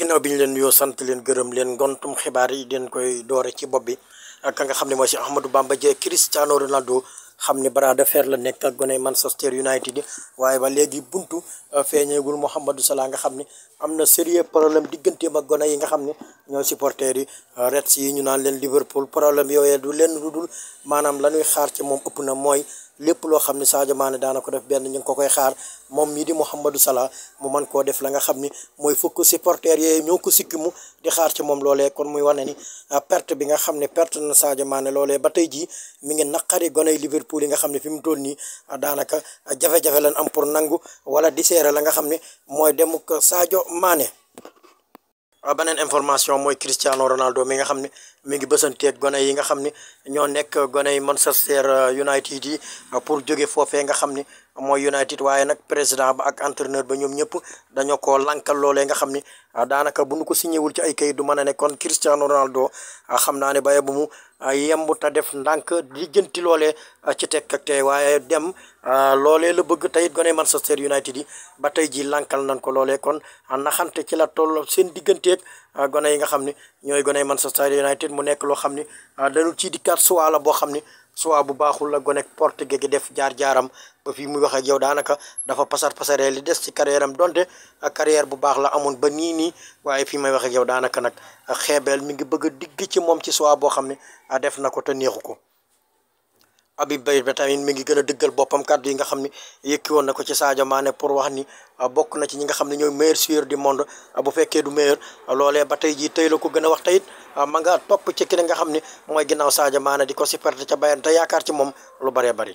ginnaaw bi ñu leen yoo sant leen gërëm leen ngontum xibaar yi den koy doore ci bopp bi ak ka nga xam ne mooy si Ahmadou Bamba Dieng Cristiano Ronaldo xam ne bras da fer la nekk ak gone Manchester United yi waaye ba léegi buntu euh, feeñeegul Mouhamadou Salah nga xam ne am na sérieux problème digganteem ak gone yi nga xam ne ñoo supporters yi Reds yi ñu naan leen Liverpool problème yooyee du leen lu dul maanaam la ñuy xaar ci moom ëpp na mooy lépp loo xam ne Sadio maane daana ko def benn ñu ngi ko koy xaar moom mii di Mouhamadou Salah mu mën koo def la nga xam ni mooy fukk supporters yee ñoo ko sikkimu di xaar ci moom loole kon muy wane ni ah, perte bi nga xam ne perte na Sadio Mané loolee ba tey jii mi ngi naqari goney Liverpool yi nga xam ne fi mu toll nii ah, daanaka jafe-jafe lañ am pour nangu wala di seere la nga xam ne mooy demuk Sadio Mané Ah, beneen information mooy Cristiano Ronaldo mi nga xam ne mi ngi bësanteeg gone yi nga xam ne ñoo nekk gone yi Manchester eh, United yi ah, pour jóge foofee nga xam ne mooy United waaye nag président ba ak entraîneur ba ñoom ñëpp dañoo ko lankal loole nga xam ni ah, daanaka bu nu ko signé wul ci ay kayit du mën a ne kon Cristiano Ronaldo ah, xam naa ne baye bu mu ah, yemb ta def ndànk lijjanti loolee ci tekk ak tey waaye dem loole la bëgg tey it gone Manchester United yi ba tey ji lankal nañ ko loole kon naxante ci la toll seen digganteeg gone yi nga xam ni ñooy gone Manchester United mu nekk loo xam ni dañu ci dikkaat suwaa boo xam ni soit bu baaxul la gonek portugais gi def jaar-jaaram ba fii muy wax ak yow daanaka dafa pasar pasaree li des ci carrière am donte carrière bu baax la amoon ba nii nii waaye fii may wax ak yow daanaka nag xeebeel mi ngi bëgg a digg ci moom ci soit boo xam ne def na ko te neexu ko Habib Beye ba tamit mi ngi gën a dëggal boppam kàddu yi nga xam ne yëkki woon na ko ci Sadio Mané pour wax ni ah, bokk na ci ñi nga xam ne ñooy meilleur joueur du monde ah, bu fekkee du meilleur ah, loole ba tey jii tey la ko gën a wax tey it ma topp ci ki nga xam ne mooy ginnaaw Sadio Mané di ko supporter ca Bayern te yaakaar ci moom lu bëree bëri.